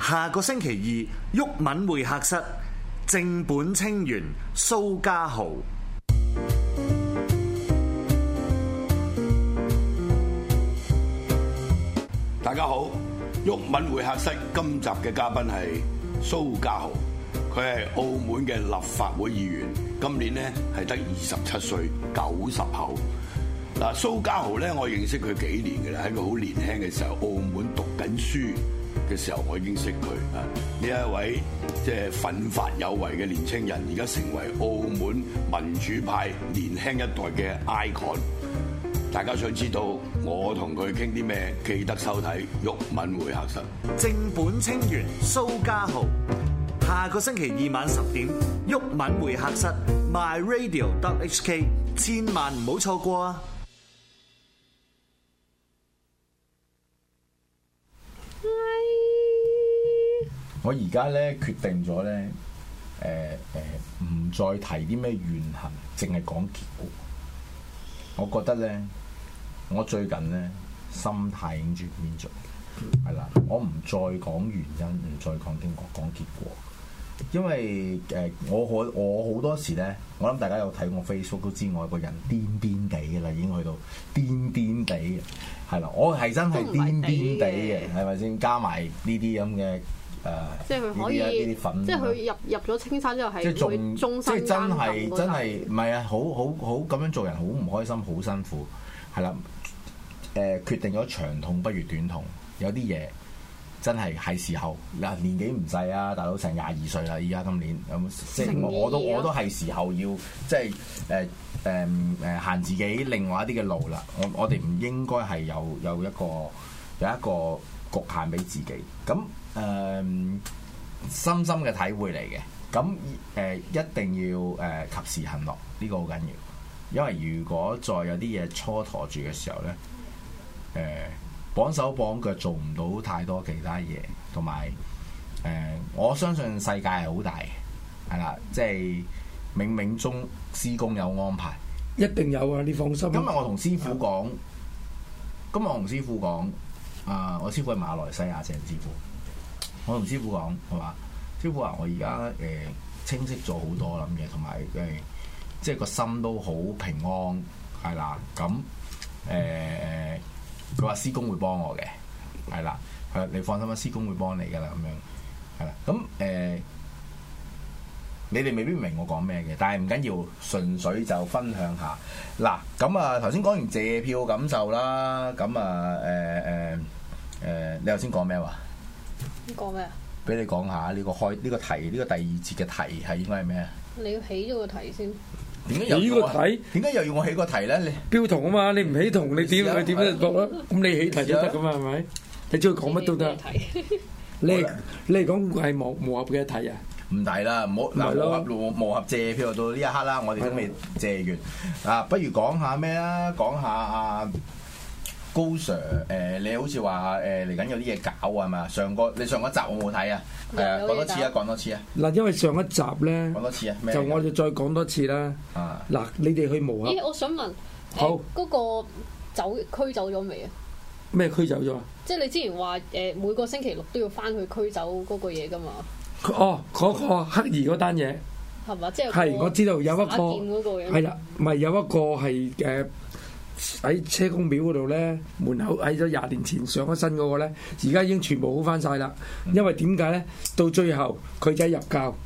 下個星期二，毓民會客室，正本清源，蘇家豪。大家好，毓民會客室今集嘅嘉賓係蘇家豪，佢係澳門嘅立法會議員，今年呢係得二十七歲，九十後。嗱，蘇家豪咧，我認識佢幾年嘅啦，喺佢好年輕嘅時候，澳門讀緊書。嘅時候，我已經識佢啊！呢一位即係奮發有為嘅年青人，而家成為澳門民主派年輕一代嘅 icon。大家想知道我同佢傾啲咩，記得收睇毓民會客室。正本清源，蘇嘉豪。下個星期二晚十點，毓民會客室 My Radio dot HK，千萬唔好錯過啊！我而家咧決定咗咧，誒誒唔再提啲咩怨恨，淨係講結果。我覺得咧，我最近咧心態已經轉變咗，係啦，我唔再講原因，唔再講經過，講結果。因為誒、呃，我我我好多時咧，我諗大家有睇我 Facebook 都知我一個人癲癲地㗎啦，已經去到癲癲地嘅，係啦，我係真係癲癲地嘅，係咪先？加埋呢啲咁嘅。誒，呢啲呢啲粉，即係佢入入咗青山之後係會終身監禁，即係真係真係唔係啊！好好好咁樣做人，好唔開心，好辛苦，係啦。誒、呃，決定咗長痛不如短痛，有啲嘢真係係時候嗱，年紀唔細啊，大佬成廿二歲啦，依家今年咁，即係我都我都係時候要即係誒誒誒行自己另外一啲嘅路啦。我我哋唔應該係有有一個有一個侷限俾自己咁。誒、嗯、深深嘅體會嚟嘅，咁誒、呃、一定要誒、呃、及時行樂，呢、這個好緊要。因為如果再有啲嘢蹉跎住嘅時候咧，誒、呃、綁手綁腳做唔到太多其他嘢，同埋誒我相信世界係好大嘅，係啦，即、就、係、是、冥冥中師公有安排，一定有啊！你放心。今日我同師傅講，的今日我同師傅講，啊、呃，我師傅係馬來西亞鄭師傅。我同師傅講係嘛？師傅話我而家誒清晰咗好多諗嘢，同埋誒即係個心都好平安係啦。咁誒誒，佢話師公會幫我嘅係啦。誒，你放心啦，師公會幫你㗎喇咁樣係啦。咁誒、呃，你哋未必明我講咩嘅，但係唔緊要，純粹就分享下嗱。咁啊，頭先講完謝票感受啦，咁啊誒誒誒，你頭先講咩話？講咩啊？俾你講下呢個開呢個題呢個第二節嘅題係應該係咩啊？你要起咗個題先。點解又？呢個題點解又要我起個題咧？你標同啊嘛？你唔起同你點？你點樣講啊？咁你起題都得噶嘛？係咪？你中意講乜都得。題你你講係無無合嘅題啊？唔題啦，冇嗱無合無無合借票到呢一刻啦，我哋都未借完啊！不如講下咩啦？講下啊～高 Sir，誒你好似話誒嚟緊有啲嘢搞係咪啊？上個你上一集我冇睇啊，係啊，講多次啊，講多次啊！嗱，因為上一集咧，講多次啊，就我哋再講多次啦。啊！嗱，你哋去冇啊？咦，我想問，好嗰個走驅走咗未啊？咩驅走咗？即係你之前話誒每個星期六都要翻去驅走嗰個嘢㗎嘛？哦，嗰個黑兒嗰單嘢係嘛？即係係我知道有一個，係啦，咪有一個係嘅。喺車公廟嗰度咧，門口喺咗廿年前上咗身嗰個咧，而家已經全部好翻晒啦。因為點解咧？到最後佢仔入教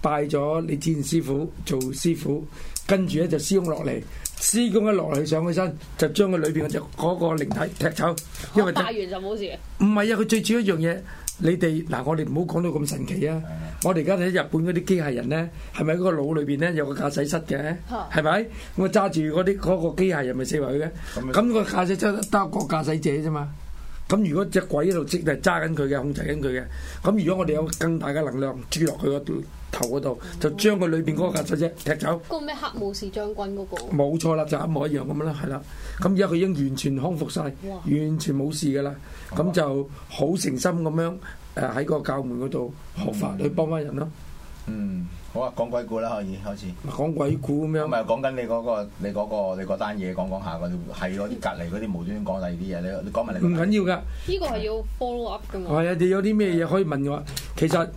拜咗你之前師傅做師傅，跟住咧就師公落嚟，師公一落去，上去身，就將佢裏邊嗰隻嗰個靈體踢走。因為拜完就冇事。唔係啊，佢最主要一樣嘢。你哋嗱，我哋唔好講到咁神奇啊！的我哋而家睇日本嗰啲機械人咧，係咪嗰個腦裏邊咧有個駕駛室嘅？係咪、啊？我揸住嗰啲嗰個機械人咪四圍去嘅？咁個駕駛室得個駕駛者啫嘛。咁如果隻鬼喺度，即係揸緊佢嘅，控制緊佢嘅。咁如果我哋有更大嘅能量注落佢個頭嗰度，嗯、就將佢裏邊嗰個駕駛者踢走。嗰、嗯那個咩黑武士將軍嗰、那個？冇錯啦，就一模一樣咁樣啦，係啦。咁而家佢已經完全康復晒，完全冇事噶啦。哇咁 就好誠心咁樣誒喺個教門嗰度學法去幫翻人咯。嗯，好啊，鬼好講鬼故啦，可以開始。講鬼故咁樣。唔係講緊你嗰、嗰個，你嗰、嗰個、你嗰、嗰個、單嘢講講下嘅，係嗰啲隔離嗰啲無端端講第二啲嘢。你你講埋嚟。唔緊 要㗎，呢個係要 follow up 㗎嘛。係啊，你有啲咩嘢可以問嘅話，其實。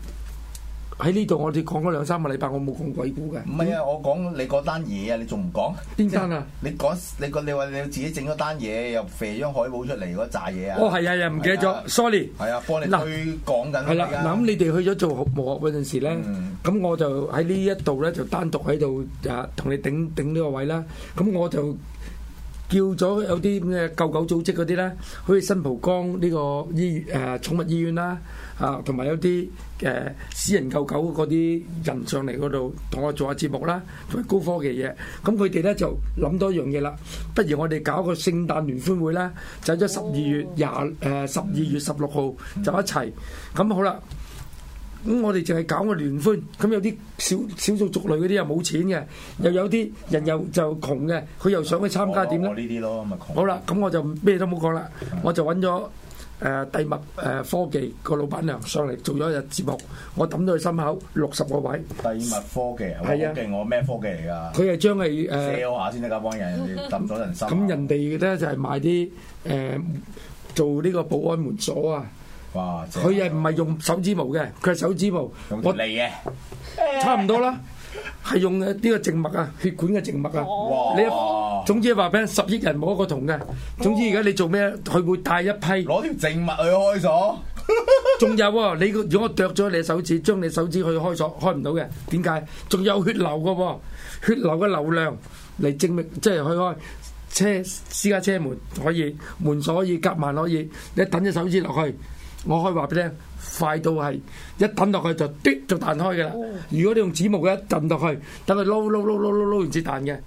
喺呢度我哋講咗兩三個禮拜，我冇講鬼故嘅。唔係啊，我講你嗰單嘢啊，你仲唔講？邊單啊？你講你個你話你自己整咗單嘢又肥咗海報出嚟，嗰扎嘢啊？哦，係啊，又唔記得咗、啊、，sorry。係啊，幫你嗱佢講緊啦。係啦那，嗱咁、啊啊、你哋去咗做幕合嗰陣時咧，咁、嗯、我就喺呢一度咧就單獨喺度啊同你頂頂呢個位啦。咁我就叫咗有啲咩救狗組織嗰啲咧，好似新蒲崗呢個醫誒寵、呃、物醫院啦。呃啊，同埋有啲誒私人救狗嗰啲人上嚟嗰度同我做下節目啦，同埋高科技嘢。咁佢哋咧就諗多樣嘢啦。不如我哋搞個聖誕聯歡會咧，就喺咗十二月廿誒十二月十六號就一齊。咁好啦，咁我哋淨係搞個聯歡。咁有啲少少數族類嗰啲又冇錢嘅，又有啲人又就窮嘅，佢又想去參加點？呢啲咯，咪、嗯、窮。好啦，咁我就咩都冇講啦，我就揾咗。誒帝物誒科技個老闆娘上嚟做咗一日節目，我抌到佢心口六十個位。帝物科技，科技我咩科技嚟㗎？佢係將係誒。卸我下先得，嗰幫人抌咗人心。咁人哋咧就係賣啲誒做呢個保安門鎖啊。哇！佢係唔係用手指模嘅？佢係手指模。用嚟嘅，差唔多啦。係用呢、這個靜脈啊，血管嘅靜脈啊，哇你總之話俾十億人摸個銅嘅，總之而家你做咩？佢會帶一批攞條靜脈去開鎖，仲 有啊、哦！你如果我剁咗你手指，將你手指去開鎖開唔到嘅，點解？仲有血流嘅、哦，血流嘅流量嚟證明，即係去開車私家車門可以，門鎖可以夾萬可以，你等隻手指落去。我可以話俾你聽，快到係一揼落去就嘟就彈開嘅啦。如果你用紙毛嘅一揼落去，等佢撈撈撈撈撈撈完先彈嘅。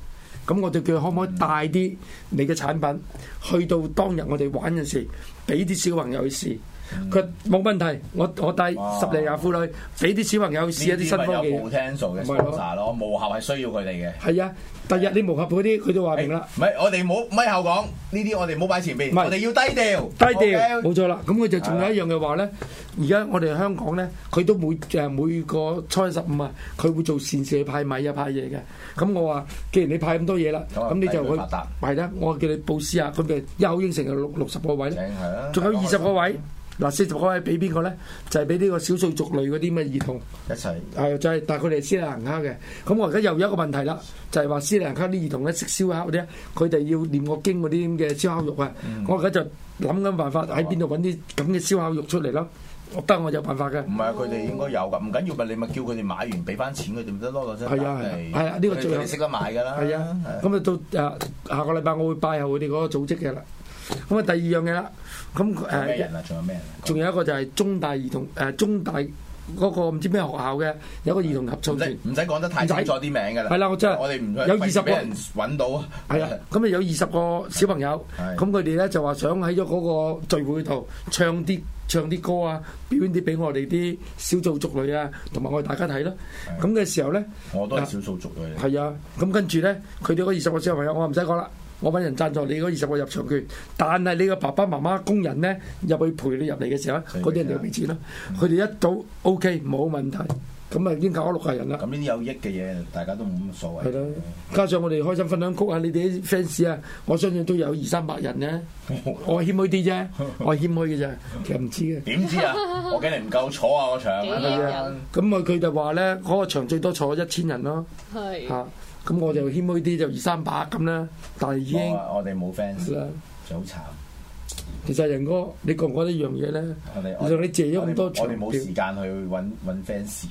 咁我哋叫可唔可以帶啲你嘅產品去到當日我哋玩嘅時，俾啲小朋友去試。佢冇問題，我我帶十零廿婦女俾啲小朋友去試一啲新嘅嘢。冇聽數嘅，冇查咯，磨合係需要佢哋嘅。係啊，第日你磨合嗰啲，佢就話明啦。唔係，我哋冇咪後講呢啲，我哋冇擺前邊。唔係，我哋要低調。低調，冇錯啦。咁佢就仲有一樣嘅話咧。而家我哋香港咧，佢都每誒每個初一十五啊，佢會做善事去派米啊、派嘢嘅。咁我話，既然你派咁多嘢啦，咁你就去係啦。我叫你報試下，佢咪一口應承六六十個位咧。仲有二十個位。嗱四十個可以俾邊個咧？就係俾呢個少數族類嗰啲咩兒童一齊，係、嗯、就係、係，但係佢哋係斯里蘭卡嘅。咁、嗯、我而家又有一個問題啦，就係話斯里蘭卡啲兒童咧食燒烤啲，佢哋要念過經嗰啲咁嘅燒烤肉啊。我而家就諗緊辦法喺邊度揾啲咁嘅燒烤肉出嚟咯。嗯、我得我有辦法嘅。唔係佢哋應該有噶，唔緊要，咪你咪叫佢哋買完俾翻錢佢哋，咪得咯，嗰啲係啊係啊，呢、啊啊是啊呢個最後識得買㗎啦。係啊，咁啊，啊到啊下個禮拜我會拜下佢哋嗰個組織嘅啦。咁啊第二樣嘢啦。咁誒，仲有咩人啊？仲有、啊、有一個就係中大兒童誒，中大嗰個唔知咩學校嘅有個兒童合唱團，唔使講得太清楚啲用名嘅啦。係啦，我真、就、係、是、我哋唔有二十個揾到。係啊，咁啊有二十個小朋友，咁佢哋咧就話想喺咗嗰個聚會度唱啲唱啲歌啊，表演啲俾我哋啲少數族裔啊，同埋我哋大家睇咯。咁嘅的時候咧，我都係少數族裔。係啊，咁跟住咧，佢哋嗰二十個小朋友，我唔使講啦。我搵人贊助你嗰二十個入場券，但係你個爸爸媽媽工人咧入去陪你入嚟嘅時候，嗰啲、啊、人就俾錢啦。佢哋一早 OK 冇問題，咁啊已經搞咗六個人啦。咁呢啲有益嘅嘢，大家都冇乜所謂。係咯，加上我哋開心分享曲啊，你哋啲 fans 啊，我相信都有二三百人咧。 我謙虛啲啫，我謙虛嘅啫，其實唔知嘅。點知啊？我驚你唔夠坐啊個場。咁啊 雄，佢就話咧，嗰、嗰個場最多坐一千人咯。係。吓。咁我就謙虛啲，就二三百咁啦。但係已經，哦、我哋冇 fans 啦，就好慘。其實仁哥，你覺唔覺得一樣嘢咧？我同你借咗咁多，我哋冇時間去揾揾 fans。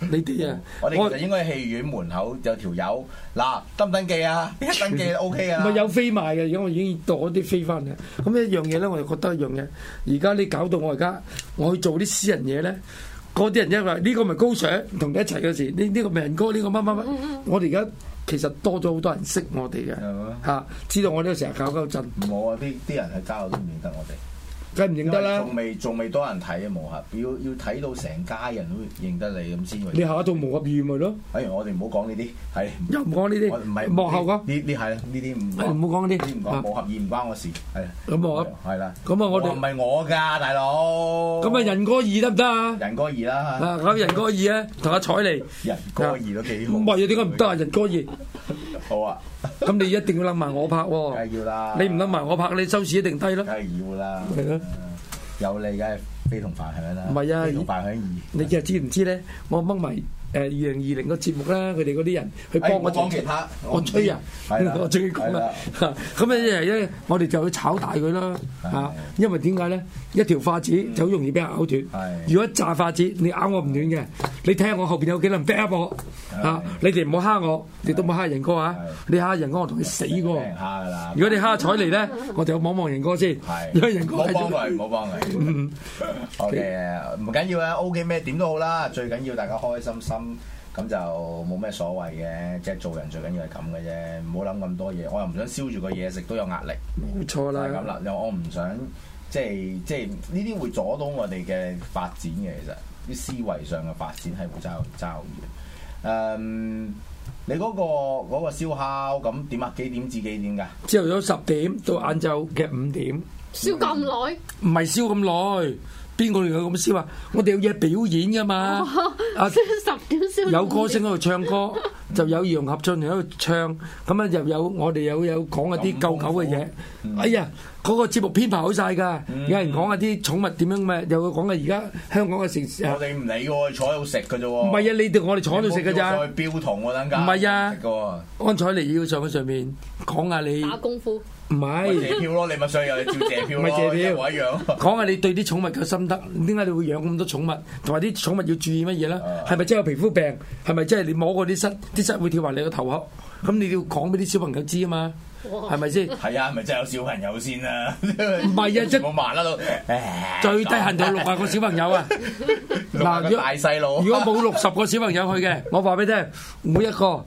呢啲 啊，嗯、我哋其實應該戲院門口有條友嗱我，登唔登記啊？一登記 OK 啊。咪有飛賣嘅，而家我已經攞啲飛翻嚟，咁一樣嘢咧，我就覺得一樣嘢。而家你搞到我而家，我去做啲私人嘢咧。嗰啲 人因為呢個咪高 Sir，同你一齊嗰時，呢呢個名哥，呢、這個乜乜乜，我哋而家其實多咗好多人認識我哋嘅，吧知道我哋成日搞搞震。冇啊，啲人人喺街度都唔認得我哋。梗唔認得啦！仲未仲未多人睇啊，幕後要要睇到成家人都認得你咁先。你下一套幕後二咪咯？哎呀，我哋唔好講呢啲，係。又講呢啲？唔係幕後個？呢呢係呢啲唔？哎呀，唔好講呢啲。唔講，幕後二唔關我事，係。咁幕？係啦。咁啊，我哋唔係我噶，大佬。咁啊，仁哥二得唔得啊？仁哥二啦。啊，搞仁哥二啊，同阿采嚟。仁哥二都幾好。唔係啊？點解唔得啊？仁哥二。好啊！咁 你一定要諗埋我拍喎，梗係要啦。你唔諗埋我拍，你收視一定低咯。梗係要啦，啊。係咯，呃，有利梗係非同凡響啦。唔係啊，是啊，非同凡響二。你又知唔知咧？我掹埋。誒，二零二零個節目咧，佢哋嗰啲人去幫我哋講我吹人，我最講啦。咁咧，一嚟咧，我哋就去炒大佢啦。嚇，因為點解咧？一條筷子就好容易俾人咬斷。如果炸筷子，你咬我唔斷嘅，你睇下我後邊有幾能劈我。你哋唔好蝦我，你都唔好蝦人哥嚇。你蝦人哥，我同你死過。蝦㗎啦！如果你蝦采妮咧，我就望望人哥先。係，因為人哥唔好唔好幫你！唔緊要啦，OK 咩，點都好啦，最緊要大家開開心心。咁就冇咩所謂嘅，即係做人最緊要係咁嘅啫，唔好諗咁多嘢。我又唔想燒住個嘢食都有壓力，冇錯啦，係咁啦。又我唔想即係即係呢啲會阻到我哋嘅發展嘅，其實啲思維上嘅發展係會爭好爭嘅。誒、嗯，你嗰個嗰個燒烤咁點啊？幾點至幾點噶？朝早十點到晏晝嘅五點，燒咁耐？唔係燒咁耐。邊個嚟嘅咁燒啊？我哋有嘢表演噶嘛？ 啊，十點先。有歌星喺度唱歌， 就有羊合唱喺度唱，咁啊又有我哋有有講啊啲救狗嘅嘢。夫哎呀，嗰、那個節目編排好晒噶，嗯、有人講下啲寵物點樣咩，又有講啊而家香港嘅城市。我哋唔理嘅喎，我坐喺度食嘅啫喎。唔係啊，你哋我哋坐喺度食嘅咋？同等唔係啊，啊安采妮要上去上面講下你。功夫。唔係借票咯，你咪想有又係借票咯，我一樣講下你對啲寵物嘅心得，點解你會養咁多寵物，同埋啲寵物要注意乜嘢啦？係咪真係有皮膚病？係咪真係你摸過啲虱，啲虱會跳埋你個頭殼？咁你要講俾啲小朋友知啊嘛，係咪先？係啊，係咪真係有小朋友先啊！唔係啊，即係最低限度六十個小朋友啊，嗱，如果如果冇六十個小朋友去嘅，我話俾你聽，每一個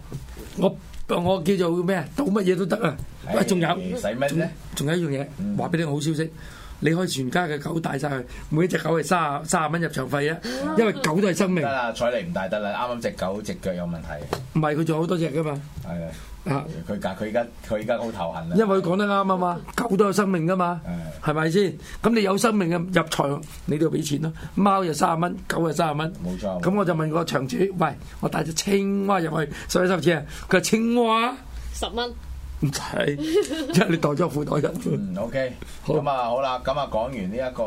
我。我叫做咩賭乜嘢都得啊！喂，仲有，使咩，仲有一樣嘢，話俾、嗯、你個好消息，你可以全家嘅狗帶晒去，每一隻狗係卅、卅蚊入場費啊！因為狗都係生命。得啦，采妮唔帶得啦，啱啱隻狗隻腳有問題。唔係，佢仲有好多隻噶嘛。係啊。佢架佢依家佢依家好頭痕啦。一因為佢講得啱啊嘛，狗都有生命噶嘛的，係咪先？咁你有生命嘅入場，你都要俾錢咯。貓就三十蚊，狗就三十蚊。冇錯。咁我就問個場主：喂，我帶隻青蛙入去，使唔使先啊？佢話：青蛙十蚊。唔使，因為你袋咗褲袋入。 嗯，OK。好。咁啊，好啦，咁啊，講完呢一個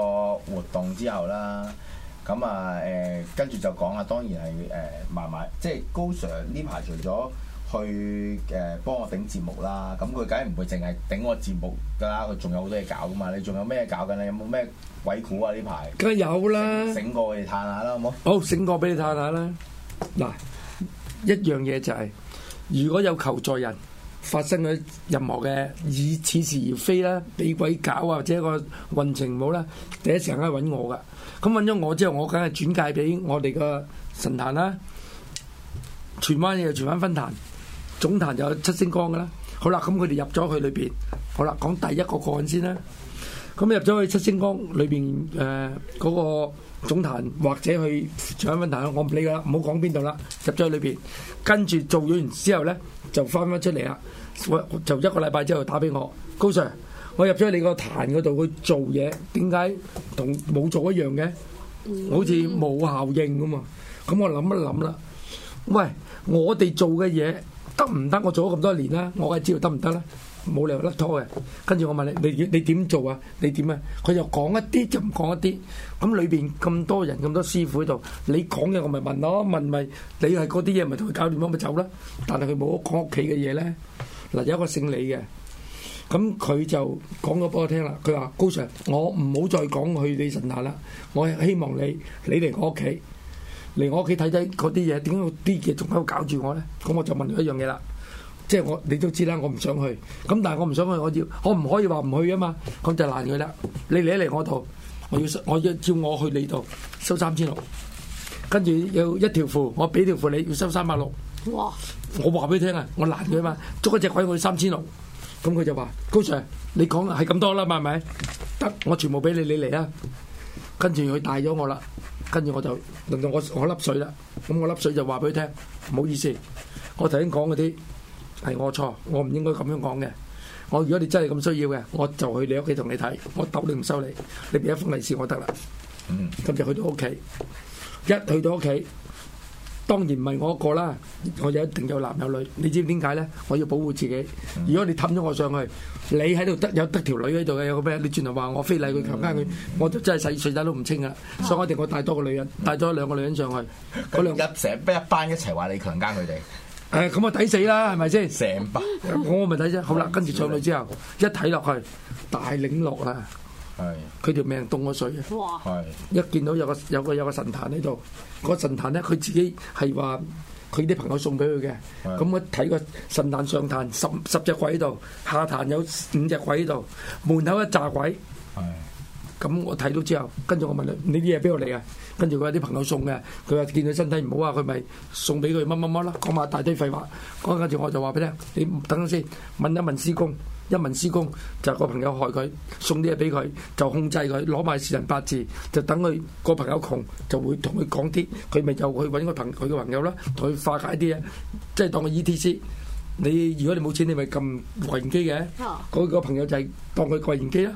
活動之後啦，咁啊，誒，跟住就講啊，當然係誒買買，即係高 Sir 呢排除咗。去誒幫我頂節目啦，咁佢梗係唔會淨係頂我節目噶啦，佢仲有好多嘢搞噶嘛。你仲有咩搞緊咧？有冇咩鬼故啊？呢排梗係有啦，醒過俾你嘆下啦，好冇？好，醒過俾你嘆下啦。嗱，一樣嘢就係，如果有求助人發生咗任何嘅以此事而非啦、俾鬼搞啊，或者個運程唔好啦，第一時間梗係揾我噶，咁揾咗我之後，我梗係轉介俾我哋個神壇啦，荃灣嘢，荃灣分壇。總壇就有七星光嘅啦。好啦，咁佢哋入咗去裏邊，好啦，講第一個個案先啦。咁入咗去七星光裏邊，誒嗰個總壇或者去長安分壇，我唔理噶啦，唔好講邊度啦。入咗去裏邊，跟住做咗完之後咧，就翻翻出嚟啊！我就一個禮拜之後打俾我高 Sir，我入咗去你個壇嗰度去做嘢，點解同冇做一樣嘅？好似冇效應㗎嘛！咁我諗一諗啦。喂，我哋做嘅嘢。得唔得？我做咗咁多年啦，我係知道得唔得啦，冇理由甩拖嘅。跟住我問你，你你點做啊？你點啊？佢就講一啲就唔講一啲。咁裏邊咁多人、咁多師傅喺度，你講嘢我咪問咯，問咪你係嗰啲嘢咪同佢搞掂咯，咪走啦。但係佢冇講屋企嘅嘢咧。嗱，有一個姓李嘅，咁佢就講咗俾我聽啦。佢話：高 Sir，我唔好再講去你神下啦，我希望你你嚟我屋企。嚟我屋企睇睇嗰啲嘢，點解啲嘢仲喺度搞住我咧？咁我就問佢一樣嘢啦，即係我你都知啦，我唔想去。咁但係我唔想去，我要我唔可以話唔去啊嘛？咁就攔佢啦。你嚟一嚟我度，我要我要照我去你度收三千六，跟住有一條褲，我俾條褲你要收三百六。哇！我話俾你聽啊，我攔佢嘛，捉一隻鬼我要三千六。咁佢就話：高 Sir，你講係咁多啦嘛，係咪？得，我全部俾你，你嚟啦。跟住佢帶咗我啦。跟住我就令到我我粒水啦，咁我粒水就話俾佢聽，唔好意思，我頭先講嗰啲係我錯，我唔應該咁樣講嘅。我如果你真係咁需要嘅，我就去你屋企同你睇，我斗你唔收你，你俾一封利是我得啦。嗯，咁就去到屋企，一去到屋企。當然唔係我一個啦，我就一定有男有女。你知唔知點解咧？我要保護自己。如果你氹咗我上去，你喺度得有得條女喺度嘅，有個咩？你轉頭話我非禮佢強姦佢，我就真係細細仔都唔清啊！所以我一定我帶多個女人，帶多兩個女人上去，嗰兩日成班一齊話你強姦佢哋，誒咁啊抵死啦，係咪先？成班我咪抵啫。好啦，跟住上去之後一睇落去大領落啦。佢條 命凍咗水嘅，係哇一見到有個有個有個神壇喺度，個神壇咧佢自己係話佢啲朋友送俾佢嘅，咁 我睇個神壇上壇十十隻鬼喺度，下壇有五隻鬼喺度，門口一炸鬼，咁 我睇到之後，跟住我問你呢啲嘢邊個我嚟啊？跟住佢話啲朋友送嘅，佢話見佢身體唔好啊，佢咪送俾佢乜乜乜啦，講埋大堆廢話。我跟住我就話俾你聽，你等陣先問一問師公。一問施工就係嗰個朋友害佢送啲嘢俾佢就控制佢攞埋事人八字就等佢嗰個朋友窮就會同佢講啲佢咪又去揾個朋佢嘅朋友啦同佢化解啲嘢即係當個 E T C 你如果你冇錢你咪撳櫃員機嘅嗰個朋友就係當佢櫃員機啦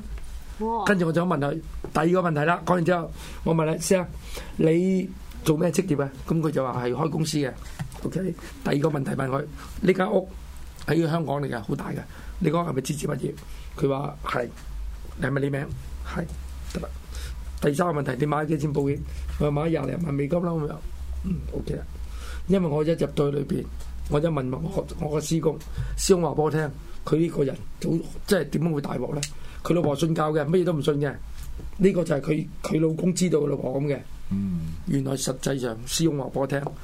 跟住我就想問佢第二個問題啦講完之後我問你先啊你做咩職業啊咁佢就話係開公司嘅 OK 第二個問題問佢呢間屋。喺香港嚟嘅，好大嘅。你講係咪支持物業？佢話係，係咪你名？係得。第三個問題，你買咗幾錢保險？我買廿零萬美金啦咁樣。嗯，OK 啦。因為我一入到去裏邊，我一問我我個師公，師公話俾我聽，佢呢個人好即係點樣會大鑊咧？佢老婆信教嘅，咩都唔信嘅。呢、這個就係佢，佢老公知道佢老婆咁嘅。嗯、原來實際上，師公話俾我聽，呢、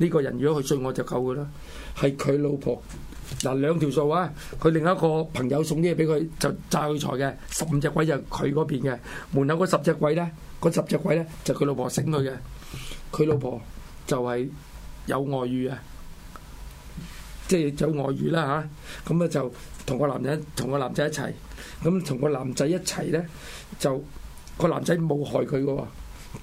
這個人如果佢信我就夠噶啦，係佢老婆。嗱，兩條數啊！佢另一個朋友送啲嘢俾佢，就炸佢財嘅。十五隻鬼就係佢嗰邊嘅，門口嗰十隻鬼咧，嗰十隻鬼咧就佢、是、老婆醒佢嘅。佢老婆就係有外遇嘅，即、就、係、是、有外遇啦嚇。咁啊、嗯、就同個男人，同個男仔一齊。咁、嗯、同個男仔一齊咧，就個男仔冇害佢嘅，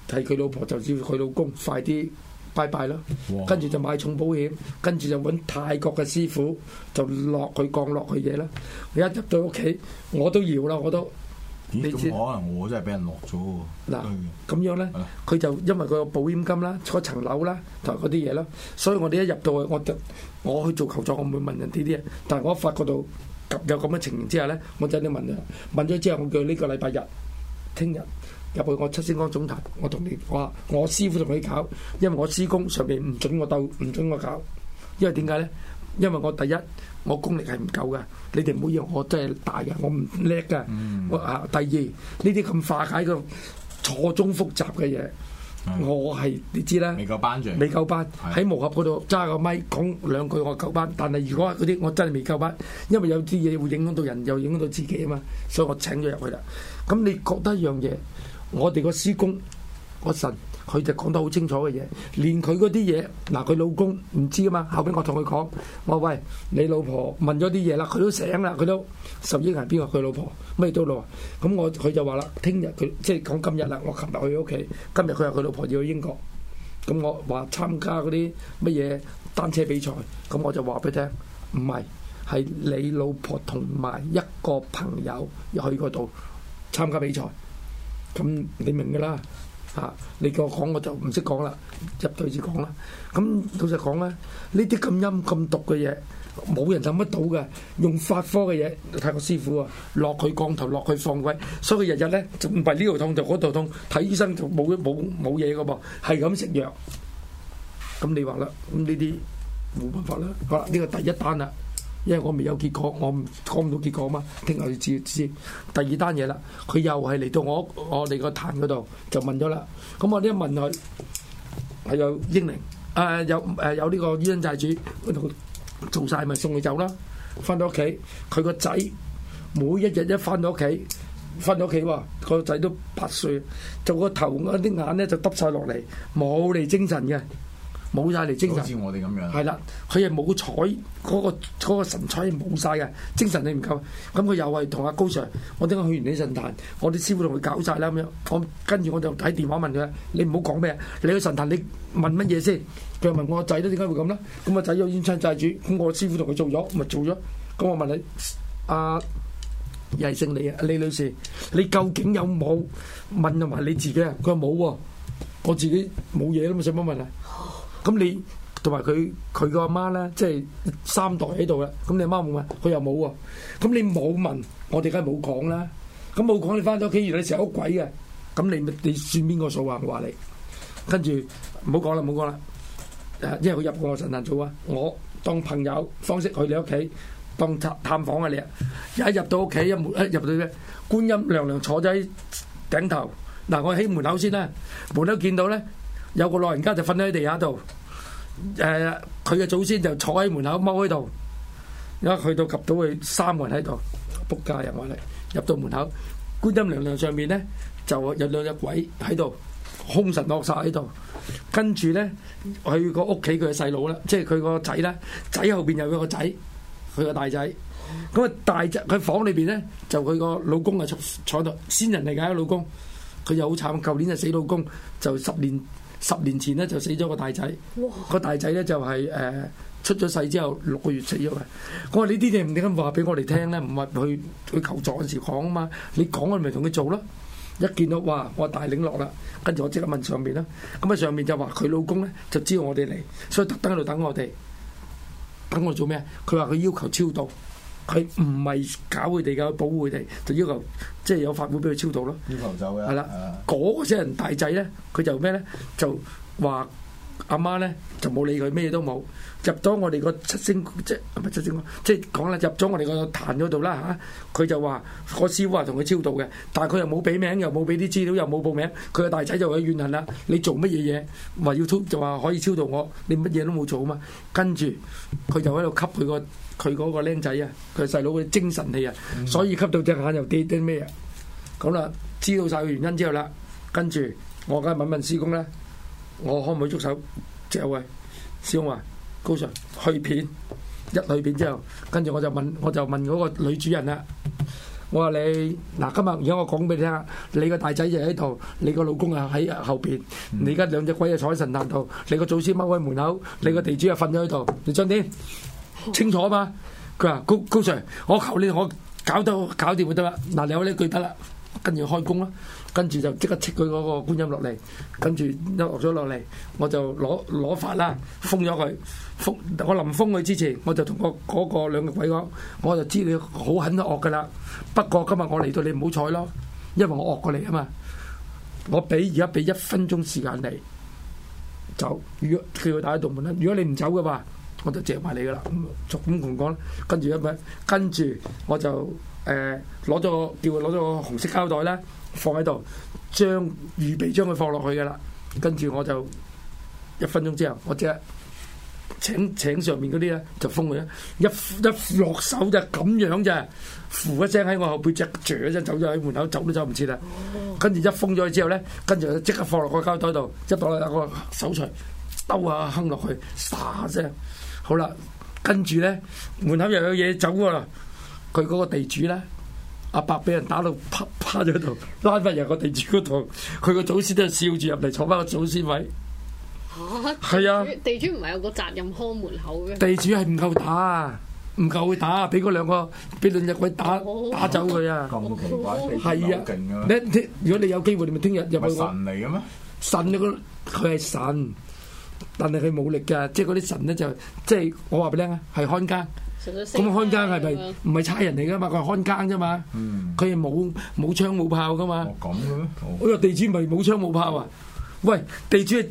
係佢老婆就叫佢老公快啲。拜拜啦，哇跟住就買重保險，跟住就揾泰國嘅師傅就落佢降落佢嘢啦。我一入到屋企，我都搖啦，我都。咦？咁可能我真係俾人落咗喎。嗱、啊，咁對樣咧，佢、啊、就因為佢有保險金啦、嗰層樓啦同嗰啲嘢啦，所以我哋一入到去，我就我去做求助，我唔會問人呢啲嘢。但係我一發覺到有咁嘅情形之下咧，我真係問人。問咗之後，我叫呢個禮拜日，聽日。入去我七星崗總壇，我同你我我師傅同你搞，因為我師公上邊唔准我鬥，唔准我搞。因為點解咧？因為我第一我功力係唔夠噶，你哋唔好以為我真係大嘅，我唔叻噶。啊、嗯，第二呢啲咁化解個錯綜複雜嘅嘢，我係你知啦，未夠班著，未夠班喺磨合嗰度揸個咪講兩句我夠班，但係如果嗰啲我真係未夠班，因為有啲嘢會影響到人又影響到自己啊嘛，所以我請咗入去啦。咁你覺得一樣嘢？我哋個師公個神，佢就講得好清楚嘅嘢，連佢嗰啲嘢，嗱，佢老公唔知啊嘛。後面，我同佢講，我話喂，你老婆問咗啲嘢啦，佢都醒啦，佢都，十英係邊個？佢老婆咩都攞。咁我佢就話啦，聽日佢即係講今日啦，我琴日去屋企，今日佢話佢老婆要去英國，咁我話參加嗰啲乜嘢單車比賽，咁我就話俾佢聽，唔係，係你老婆同埋一個朋友去嗰度參加比賽。咁你明噶啦，嚇、啊！你叫我講我就唔識講，講啦，入台字講啦。咁老實講咧，呢啲咁陰咁毒嘅嘢，冇人浸得到嘅。用法科嘅嘢，泰國師傅啊，落佢降頭，落佢放鬼，所以佢日日咧就唔係呢度痛就嗰度痛，睇醫生就冇冇冇嘢噶噃，係咁食藥。咁你話啦，咁呢啲冇辦法啦。好啦，呢個第一單啦。因為我未有結果，我講唔到結果嘛。聽日要知知第二單嘢啦，佢又係嚟到我我哋個壇嗰度就問咗啦。咁我一問佢，係有英靈，誒有誒有呢個冤債主做曬咪送佢走啦。翻到屋企，佢個仔每一日一翻到屋企，翻到屋企喎，個仔都八歲，就個頭嗰啲眼咧就耷曬落嚟，冇嚟精神嘅。冇晒嚟精神，好似我哋咁樣。係啦，佢係冇彩嗰個神彩冇晒嘅精神，你唔夠咁佢又係同阿高 Sir，我點解去完你神壇，我啲師傅同佢搞晒啦咁樣。我跟住我就喺電話問佢：你唔好講咩？你去神壇你問乜嘢先？佢又問我仔都點解會咁咧？咁個仔有冤親債主，咁我師傅同佢做咗咪做咗。咁我問你阿又係姓李啊，李女士，你究竟有冇問就埋你自己啊？佢話冇喎，我自己冇嘢啦嘛，什乜問題？咁你同埋佢佢嘅阿媽咧，即係三代喺度啦。咁你阿媽冇問，佢又冇喎。咁你冇問，我哋梗係冇講啦。咁冇講，你翻到屋企原來你成日屋鬼嘅。咁你你算邊個數啊？我話你，跟住唔好講啦，唔好講啦。誒，因為佢入過我神壇組啊，我當朋友方式去你屋企，當探探訪啊你。一入到屋企一門一入到咧，觀音娘娘坐咗喺頂頭。嗱，我喺門口先啦，門口見到咧。有個老人家就瞓喺地下度，誒佢嘅祖先就坐喺門口踎喺度，一去到及到佢三個人喺度，仆街入埋嚟，入到門口，觀音娘娘上面咧就有兩隻鬼喺度，凶神惡煞喺度。跟住咧佢個屋企佢嘅細佬啦，即係佢個仔啦，仔後邊有佢個仔，佢個大仔咁啊，大仔佢房裏邊咧就佢個老公啊坐坐度，先人嚟㗎，老公佢又好慘，舊年就死老公就十年。十年前咧就死咗個大仔，哇個大仔咧就係、是、誒、呃、出咗世之後六個月死咗啦。佢話呢啲嘢唔點解話俾我哋聽咧？唔係去去求助嗰時講啊嘛，你講我咪同佢做咯。一見到哇，我大領落啦，跟住我即刻問上面啦。咁啊上面就話佢老公咧就知道我哋嚟，所以特登喺度等我哋，等我哋做咩？佢話佢要求超度。佢唔係搞佢哋噶，保護佢哋，就要求即係有法會俾佢超度咯。要求就嘅係啦，嗰的、啊、個死人大仔咧，佢就咩咧？就話阿媽咧就冇理佢，咩都冇入咗我哋個七星即係唔係七星即係講啦，入咗我哋個壇嗰度啦吓。佢、啊、就話個師傅話同佢超度嘅，但係佢又冇俾名，又冇俾啲資料，又冇報名。佢個大仔就喺怨恨啦，你做乜嘢嘢？話要就話可以超度我，你乜嘢都冇做啊嘛。跟住佢就喺度吸佢個。佢嗰個僆仔啊，佢細佬嘅精神氣啊，所以吸到隻眼又啲啲咩啊？咁啦，知道晒個原因之後啦，跟住我梗係問問師公咧，我可唔可以捉手？只位，師公話：高 Sir 去片，一去片之後，跟住我就問，我就問嗰個女主人啦。我話你嗱，今日而家我講俾你聽，你個大仔就喺度，你個老公啊喺後邊，你而家兩隻鬼就坐喺神壇度，你個祖先踎喺門口，你個地主啊瞓咗喺度，你張啲？清楚啊嘛！佢話高高 Sir，我求你我搞到搞掂就得啦。嗱，你有呢句得啦，跟住開工啦，跟住就即刻斥佢嗰個觀音落嚟，跟住一落咗落嚟，我就攞攞法啦，封咗佢。封我臨封佢之前，我就同我嗰個兩、那個、個鬼講，我就知你好狠惡噶啦。不過今日我嚟到，你唔好彩咯，因為我惡過你啊嘛。我俾而家俾一分鐘時間你就如果叫佢打喺度門啦，如果你唔走嘅話。我都借埋你噶啦，咁咁同講，跟住一乜，跟住我就誒攞咗叫佢攞咗個紅色膠袋咧，放喺度，將預備將佢放落去噶啦，跟住我就一分鐘之後，我即係請請上面嗰啲咧就封佢，一一落手就咁樣咋，呼一聲喺我後背，只嚼一聲走咗喺門口，走都走唔切啦。哦，跟住一封咗佢之後咧，跟住即刻放落個膠袋度，即係攞咗個手錘，兜下哼落去，唰聲。好啦，跟住咧，門口又有嘢走喎、啊、啦。佢嗰個地主咧，阿伯俾人打到趴趴喺度，拉翻入個地主嗰度。佢個祖先都係笑住入嚟，坐翻個祖先位。嚇、啊！係啊地！地主唔係有個責任看門口嘅。地主係唔夠打，唔夠去打，俾嗰兩個，俾兩隻鬼打、哦、打走佢啊！咁奇怪嘅，係、哦、啊！你如果你有機會，你咪聽日入去、嗰個。神嚟嘅咩？神，嗰個、神，佢佢係神。但係佢冇力嘅，即係嗰啲神咧就，即係我話俾你聽啊，係看更，咁看更係咪唔係差人嚟噶嘛？佢係看更啫嘛，佢係冇冇槍冇炮噶嘛。咁嘅咩？嗰個地主咪冇槍冇炮啊？喂，地主係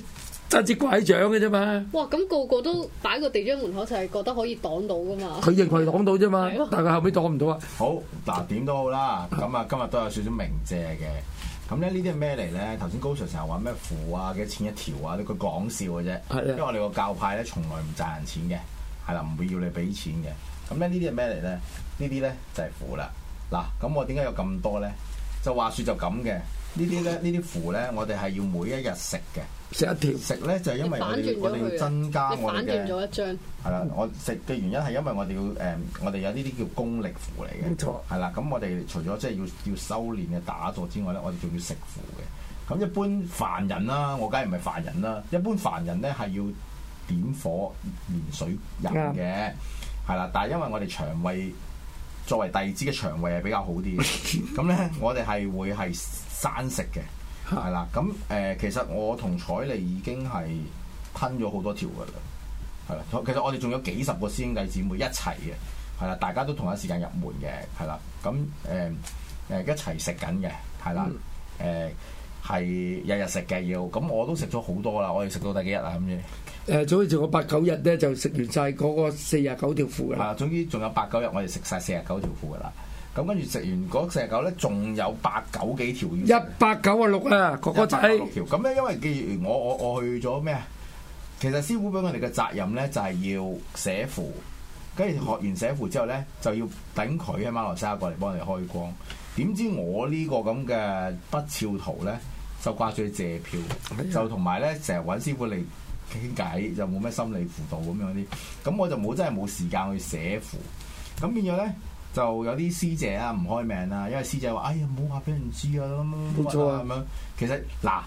揸支拐杖嘅啫嘛。哇！咁、那個個都擺個地主門口就係覺得可以擋到噶嘛？佢認為擋到啫嘛，嗎但係佢後尾擋唔到啊。好嗱，點都好啦，咁啊今日都有少少名借嘅。咁咧呢啲係咩嚟咧？頭先高 Sir 成日話咩符啊，幾多錢一條啊？佢講笑嘅啫，的因為我哋個教派咧從來唔賺人錢嘅，係啦，唔會要你俾錢嘅。咁咧呢啲係咩嚟咧？呢啲咧就係符啦。嗱,咁我點解有咁多咧？就話説就咁嘅。呢啲咧，呢啲符咧，我哋係要每一日食嘅。食一條食咧就係因為我哋要增加我哋咗一張，係啦，我食嘅原因係因為我哋要誒、呃，我哋有呢啲叫功力符嚟嘅，係啦錯。咁我哋除咗即係要要修煉嘅打坐之外咧，我哋仲要食符嘅。咁一般凡人啦，我梗係唔係凡人啦。一般凡人咧係要點火燃水飲嘅，係啦的。但係因為我哋腸胃作為弟子嘅腸胃係比較好啲，咁咧 我哋係會係生食嘅。係啦，咁誒、呃，其實我同采妮已經係吞咗好多條噶啦，係啦，其實我哋仲有幾十個師兄弟姊妹一齊嘅，係啦，大家都同一時間入門嘅，係啦，咁誒誒一齊食緊嘅，係啦，誒係、嗯呃、日日食嘅要，咁我都食咗好多啦，我哋食到第幾日啊？咁樣誒，總之仲有八九日咧，就食完晒嗰個四十九條符嘅啦。啊，總之仲有八九日，我哋食晒四十九條符噶啦。咁跟住食完嗰隻狗咧，仲有八九幾條魚，一百九啊六啦，哥哥是仔。咁咧，因為譬如我我我去咗咩啊？其實師傅俾我哋嘅責任咧，就係、是、要寫符，跟住學完寫符之後咧，就要等佢喺馬來西亞過嚟幫我哋開光。點知我呢個咁嘅不肖徒咧，就掛住去借票，就同埋咧成日揾師傅嚟傾偈，就冇咩心理輔導咁樣啲。咁我就冇真係冇時間去寫符。咁變咗咧。就有啲師姐啊，唔開名啦，因為師姐話：哎呀，唔好話俾人知啊，咁樣，冇錯啊咁樣。其實嗱，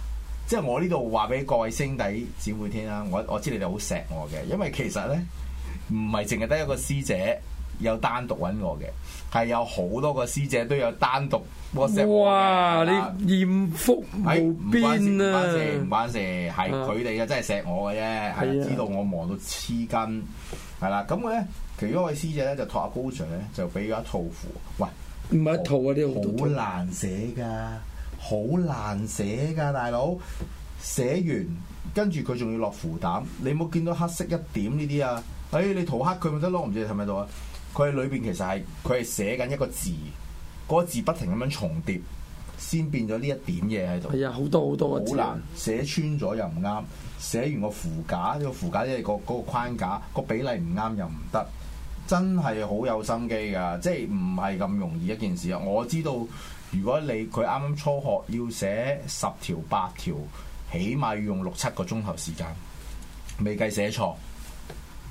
即係我呢度話俾各位兄弟姊妹聽啦，我我知你哋好錫我嘅，因為其實咧唔係淨係得一個師姐。有單獨揾我嘅，係有好多個師姐都有單獨 WhatsApp 我嘅。哇！對你豔福無邊啊！唔關事，唔關事，係佢哋啊，真係錫我嘅啫，係知道我忙到黐筋係啦。咁嘅咧，其中一位師姐咧就託阿高 Sir 咧就俾咗一套符。喂、哎，唔係一套啊，呢好難寫㗎，好難寫㗎，大佬寫完跟住佢仲要落符膽，你冇見到黑色一點呢啲啊？誒、哎，你塗黑佢咪得咯？唔、哎哎哎哎哎哎、知你睇唔睇到啊？佢喺裏邊其實係佢係寫緊一個字，嗰個字不停咁樣重疊，先變咗呢一點嘢喺度。係啊，好多好多個字，好難，寫穿咗又唔啱，寫完個副架，呢個副架即係個個框架，個比例唔啱又唔得，真係好有心機噶，即係唔係咁容易一件事啊！我知道如果你佢啱啱初學要寫十條八條，起碼要用六七個鐘頭時間，未計寫錯。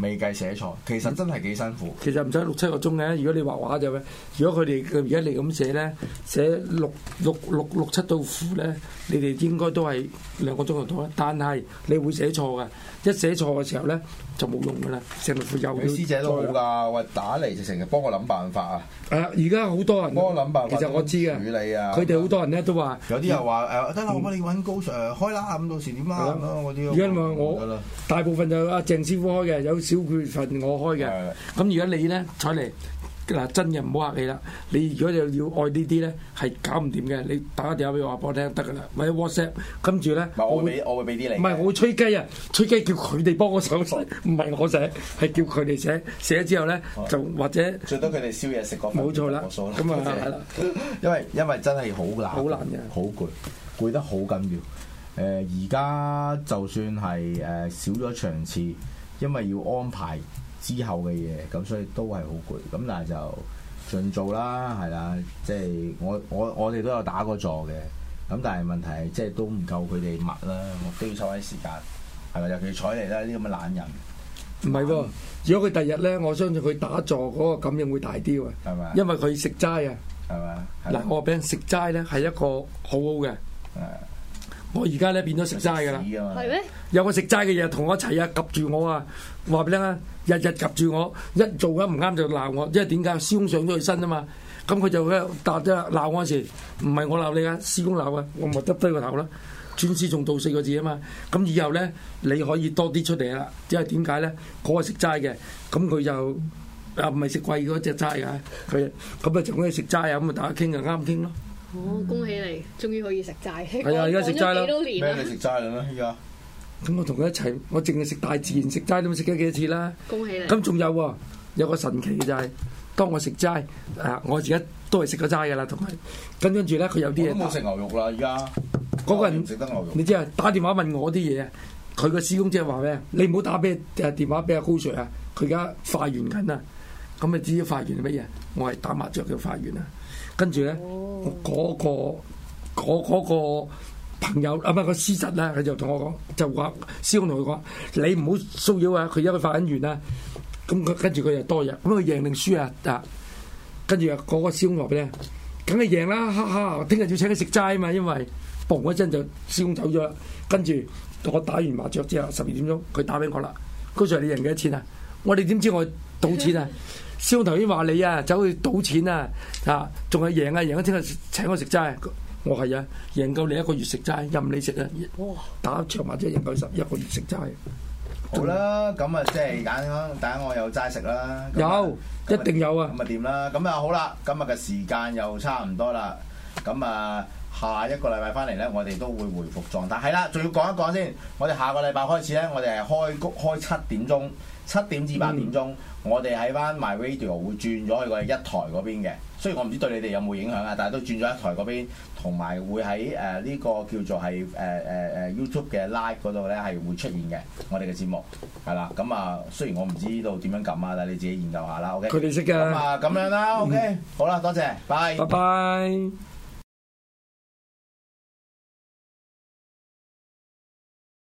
未計寫錯，其實真係幾辛苦。其實唔使六七個鐘嘅，如果你畫畫就。咩？如果佢哋而家你咁寫咧，寫六六六六七道符咧，你哋應該都係兩個鐘就到。但係你會寫錯嘅，一寫錯嘅時候咧。就冇用噶啦，成日佢有啲師姐都冇噶，喂、呃，打嚟就成日幫我諗辦法啊。係啦，而家好多人幫我諗辦法，其實我知㗎處理啊。佢哋好多人咧都話，有啲人話誒，得啦，我幫你搵高 Sir 開啦？咁到時點啊？咁啊嗰啲。而家我大部分就阿鄭師傅開嘅，有小部分我開嘅。咁而家你咧采妮。嗱真人唔好客氣啦！你如果就要愛呢啲咧，係搞唔掂嘅。你打個電話俾我阿婆聽得噶啦，或者 WhatsApp。跟住咧，我會俾我會俾啲你。唔係我會吹雞啊！吹雞叫佢哋幫我手寫我寫，唔係我寫，係叫佢哋寫。寫咗之後咧，嗯、就或者最多佢哋宵夜食過冇錯啦。咁啊，因為因為真係好難，好 難嘅的，好攰，攰得好緊要。誒而家就算係誒少咗場次，因為要安排。之後嘅嘢，咁所以都係好攰，咁但係就盡做啦，係啦，即係我我我哋都有打過坐嘅，咁但係問題即係都唔夠佢哋密啦，我都要抽翻啲時間，係咪？尤其采嚟啦，啲咁嘅懶人。唔係喎，如果佢第日咧，我相信佢打坐嗰個感應會大啲喎，係咪？因為佢食齋啊，係咪？嗱，我俾人食齋咧，係一個好好嘅，我而家咧變咗食齋㗎啦，係咩？有個食齋嘅嘢同我一齊啊 𥄫 住我啊！話俾你聽啊，日日夾住我，一做緊唔啱就鬧我，因為點解？師公上咗佢身啊嘛，咁佢就答咗即鬧我嗰時，唔係我鬧你啊，師公鬧啊，我咪耷低個頭啦。尊師重道四個字啊嘛，咁以後咧你可以多啲出嚟啦。即係點解咧？我係食齋嘅，咁佢就啊唔係食貴嗰隻齋嘅，佢咁啊仲可以食齋啊，咁、那、啊、個、大家傾啊啱傾咯。好、哦，恭喜你，終於可以食齋。係啊， 而家食齋咯。咩你食齋啦？依家？ 咁我同佢一齊，我淨係食大自然食齋都冇食咗幾多次啦。恭喜你！咁仲有喎、啊，有個神奇嘅就係、是，當我食齋，誒、啊，我而家都係食個齋嘅啦，同埋，咁跟住咧佢有啲嘢。我冇食牛肉啦，而家嗰個人食、哦、得牛肉。你知啊，打電話問我啲嘢，佢個施工姐話咩？你唔好打俾誒電話俾阿高 Sir 啊，佢而家化完緊啦。咁啊，至於化完係乜嘢？我係打麻雀嘅化完啦。跟住咧，嗰、哦那個，我、那、嗰個。那個朋友啊，唔、那、係個師侄啦，佢就同我講，就話師公同佢講：你唔好騷擾啊！佢因為發緊願啦。咁佢跟住佢又多日，咁佢贏定輸啊？啊！跟住啊，嗰個師公話俾佢：梗係贏啦，哈哈！聽日要請你食齋啊嘛！因為嘣一陣就師公走咗啦。跟住我打完麻雀之後，十二點鐘佢打俾我啦。高 Sir 你贏幾多錢啊？我哋點知我賭錢啊？師 公頭先話你啊，走去賭錢啊！啊，仲係贏啊，贏咗聽日請我食齋。我係啊，贏夠你一個月食齋，任你食啊！打場麻將贏夠十一個月食齋，好啦，咁啊後即係等等我有齋食啦。有，那一定有啊！咁啊，點啦？咁啊，好啦，今日嘅時間又差唔多啦。咁啊，下一個禮拜返嚟咧，我哋都會回復狀態。係啦，仲要講一講先。我哋下個禮拜開始咧，我哋係開谷開七點鐘，七點至八點鐘，嗯、我哋喺返 My Radio 會轉咗去個一台嗰邊嘅。雖然我唔知對你哋有冇影響啊，但係都轉咗一台嗰邊，同埋會喺誒呢個叫做係誒誒誒 YouTube 嘅 Live 嗰度咧係會出現嘅我哋嘅節目係啦。咁啊、嗯，雖然我唔知道點樣撳啊，但你自己研究下啦。OK，佢哋識㗎。咁啊，咁樣啦。OK，嗯、好啦，多謝，拜拜。